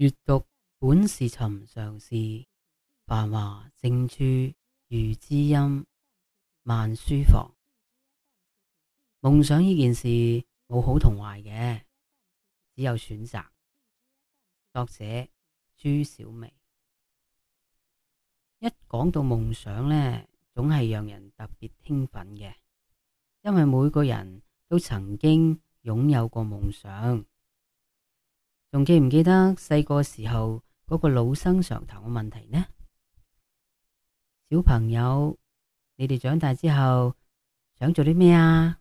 閱讀本是尋常事，繁華靜處如知音。慢書房，夢想呢件事冇好同壞嘅，只有選擇。作者朱小薇。一講到夢想呢，總係讓人特別興奮嘅，因為每個人都曾經擁有過夢想。仲記唔記得細個時候嗰個老生常談嘅問題呢？小朋友，你哋長大之後想做啲咩啊？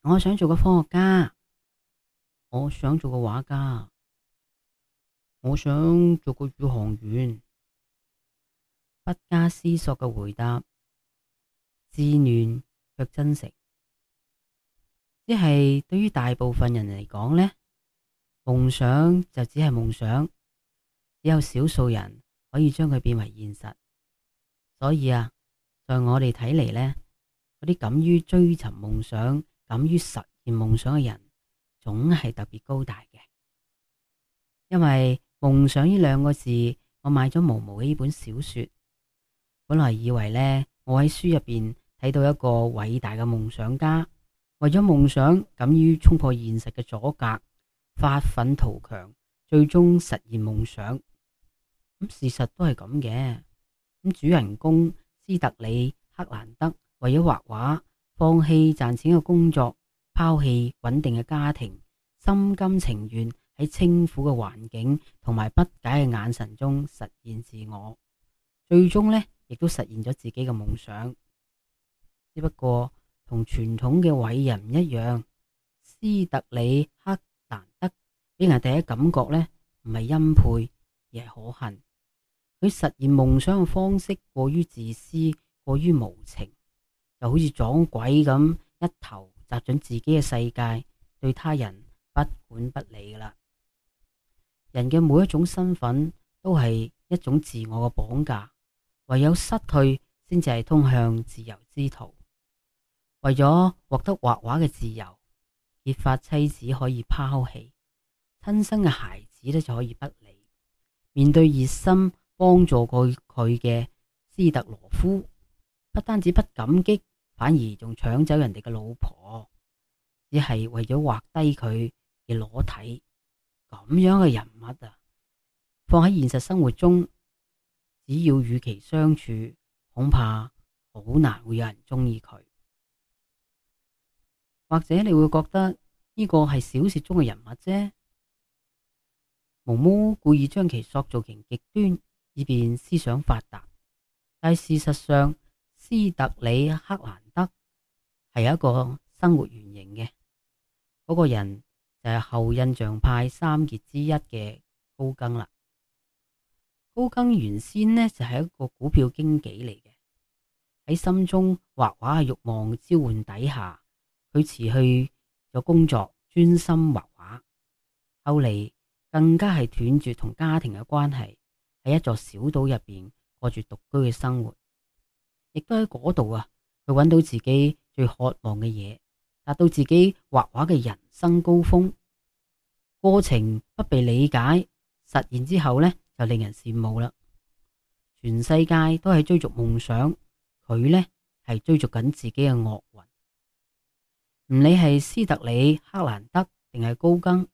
我想做個科學家，我想做個畫家，我想做個宇航員。不加思索嘅回答，稚嫩卻真誠。只係對於大部分人嚟講呢。夢想就只係夢想，只有少數人可以將佢變為現實。所以啊，在我哋睇嚟呢，嗰啲敢於追尋夢想、敢於實現夢想嘅人，總係特別高大嘅。因為夢想呢兩個字，我買咗毛毛嘅呢本小說，本來以為呢，我喺書入邊睇到一個偉大嘅夢想家，為咗夢想，敢於衝破現實嘅阻隔，發奮圖強，最終實現夢想。咁事實都係咁嘅。咁主人公斯特里克蘭德為咗畫畫，放棄賺錢嘅工作，拋棄穩定嘅家庭，心甘情願喺清苦嘅環境同埋不解嘅眼神中實現自我。最終呢，亦都實現咗自己嘅夢想。只不過同傳統嘅偉人一樣，斯特里克。人第一感覺呢，唔係欽佩，而係可恨。佢實現夢想嘅方式過於自私，過於無情，就好似撞鬼咁，一頭扎進自己嘅世界，對他人不管不理噶啦。人嘅每一種身份都係一種自我嘅綁架，唯有失去，先至係通向自由之途。為咗獲得畫畫嘅自由，結髮妻子可以拋棄。親生嘅孩子呢就可以不理，面對熱心幫助過佢嘅斯特羅夫，不單止不感激，反而仲搶走人哋嘅老婆，只係為咗畫低佢嘅裸體，咁樣嘅人物啊，放喺現實生活中，只要與其相處，恐怕好難會有人中意佢，或者你會覺得呢個係小說中嘅人物啫。毛姆故意將其塑造成極端，以便思想發達。但事實上，斯特里克蘭德係有一個生活原型嘅嗰個人，就係後印象派三傑之一嘅高更啦。高更原先，呢就係、是、一個股票經紀嚟嘅，喺心中畫畫嘅慾望召喚底下，佢辭去咗工作，專心畫畫。後嚟。更加係斷絕同家庭嘅關係，喺一座小島入邊過住獨居嘅生活，亦都喺嗰度啊，佢揾到自己最渴望嘅嘢，達到自己畫畫嘅人生高峰。過程不被理解，實現之後呢，就令人羨慕啦。全世界都係追逐夢想，佢呢，係追逐緊自己嘅惡運。唔理係斯特里克蘭德定係高更。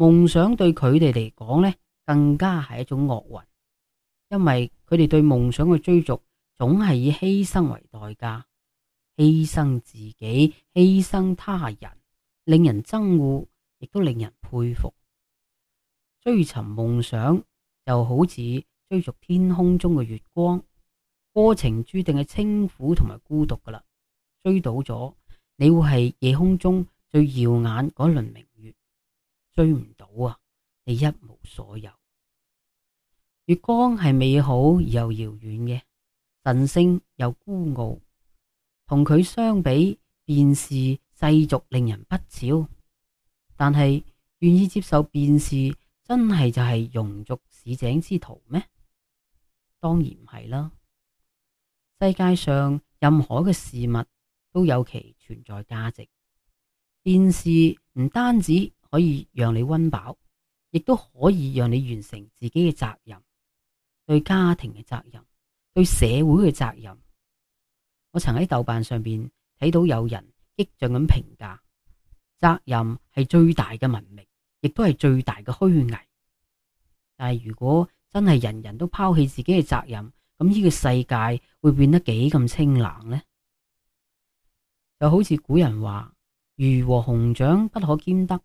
夢想對佢哋嚟講呢，更加係一種惡運，因為佢哋對夢想嘅追逐，總係以犧牲為代價，犧牲自己，犧牲他人，令人憎惡，亦都令人佩服。追尋夢想，就好似追逐天空中嘅月光，過程注定係清苦同埋孤獨噶啦。追到咗，你會係夜空中最耀眼嗰一輪明。追唔到啊！你一無所有，月光係美好而又遙遠嘅，神聖又孤傲，同佢相比，便士世俗令人不齒。但係願意接受便士，真係就係庸俗市井之徒咩？當然唔係啦。世界上任何嘅事物都有其存在價值，便士唔單止。可以讓你溫飽，亦都可以讓你完成自己嘅責任，對家庭嘅責任，對社會嘅責任。我曾喺豆瓣上邊睇到有人激進咁評價：責任係最大嘅文明，亦都係最大嘅虛偽。但係如果真係人人都拋棄自己嘅責任，咁呢個世界會變得幾咁清冷呢？就好似古人話：魚和熊掌不可兼得。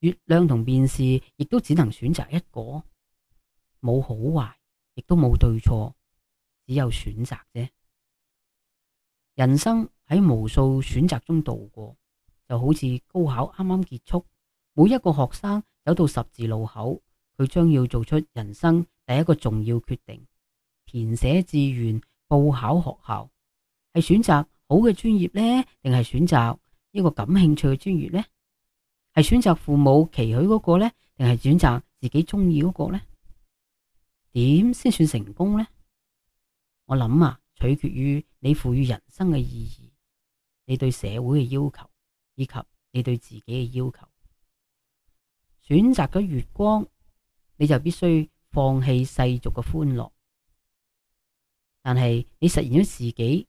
月亮同便士亦都只能選擇一個，冇好壞，亦都冇對錯，只有選擇啫。人生喺無數選擇中度過，就好似高考啱啱結束，每一個學生走到十字路口，佢將要做出人生第一個重要決定，填寫志願、報考學校，係選擇好嘅專業呢？定係選擇一個感興趣嘅專業呢？係選擇父母期許嗰個呢？定係選擇自己中意嗰個呢？點先算成功呢？我諗啊，取決於你賦予人生嘅意義，你對社會嘅要求，以及你對自己嘅要求。選擇咗月光，你就必須放棄世俗嘅歡樂。但係你實現咗自己，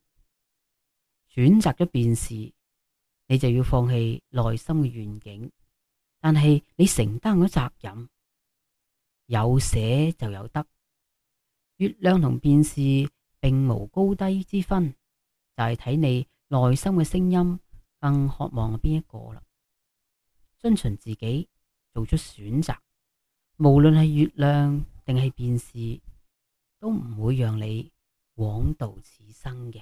選擇咗便士。你就要放棄內心嘅願景，但係你承擔咗責任，有捨就有得。月亮同便士並無高低之分，就係、是、睇你內心嘅聲音更渴望邊一個啦。遵循自己做出選擇，無論係月亮定係便士，都唔會讓你枉度此生嘅。